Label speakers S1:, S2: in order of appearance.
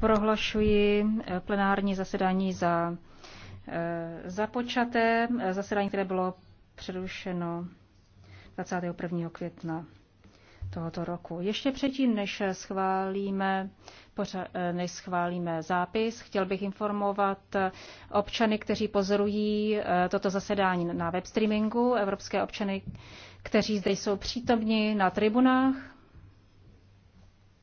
S1: Prohlašuji eh, plenární zasedání za eh, započaté, eh, zasedání, které bylo přerušeno 21. května tohoto roku. Ještě předtím, než schválíme, než schválíme zápis, chtěl bych informovat občany, kteří pozorují toto zasedání na webstreamingu, evropské občany, kteří zde jsou přítomni na tribunách